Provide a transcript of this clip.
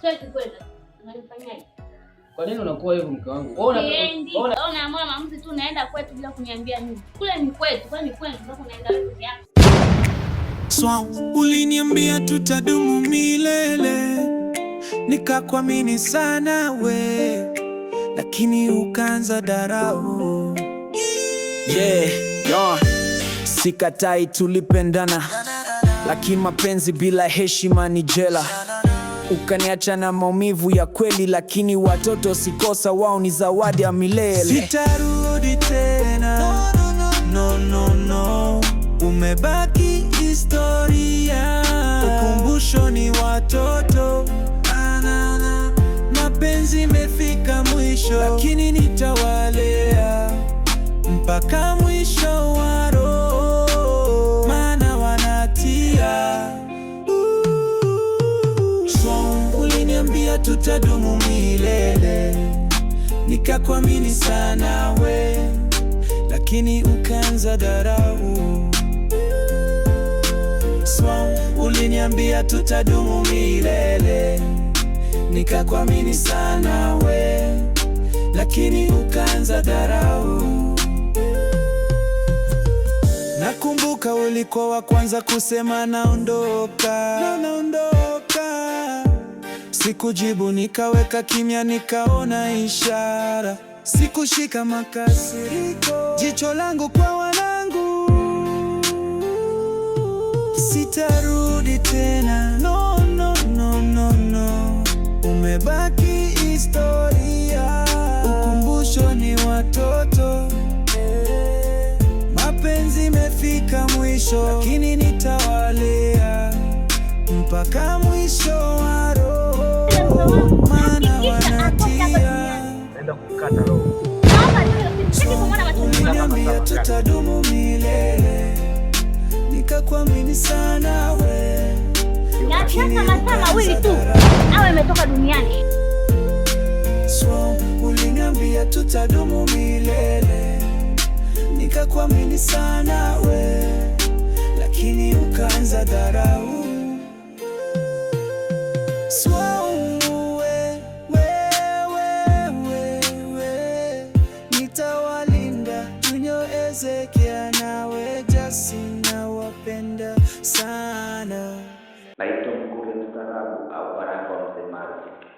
Siwezi kwenda. Unanifanyaje? Kwa nini unakuwa hivyo mke wangu? Wewe unaona maamuzi tu unaenda kwetu bila kuniambia mimi. Kule ni kwetu, kwa ni kwenu ndio unaenda wapi yako? Swa, uliniambia tutadumu milele. Nikakuamini sana we. Lakini ukaanza darau. Yeah, yo. Sikatai tulipendana. Lakini mapenzi bila heshima ni jela ukaniacha na maumivu ya kweli, lakini watoto sikosa, wao ni zawadi ya milele. Sitarudi tena, no, no, no. Umebaki historia, ukumbusho ni watoto. Mapenzi imefika mwisho, lakini nitawalea mpaka mwisho wa pamoja tutadumu milele. Nikakuamini sana we, lakini ukaanza dharau. Uliniambia tutadumu milele, nikakuamini sana we, lakini ukaanza dharau. Nakumbuka ulikuwa wa kwanza kusema naondoka, na naondoka Sikujibu, nikaweka kimya, nikaona ishara. Sikushika makasiriko, jicho langu kwa wanangu. Sitarudi tena, no, no, no, no, no. Umebaki historia, ukumbusho ni watoto. Mapenzi imefika mwisho, lakini nitawalea mpaka mwisho. Niambia tutadumu milele, nikakuamini sana we, uliniambia tutadumu milele, nikakuamini sana we, lakini ukaanza Ezekia nawe Jasina, wapenda sana. Naitwa Mkuria Mstaarabu au Baraka wa Msemaji.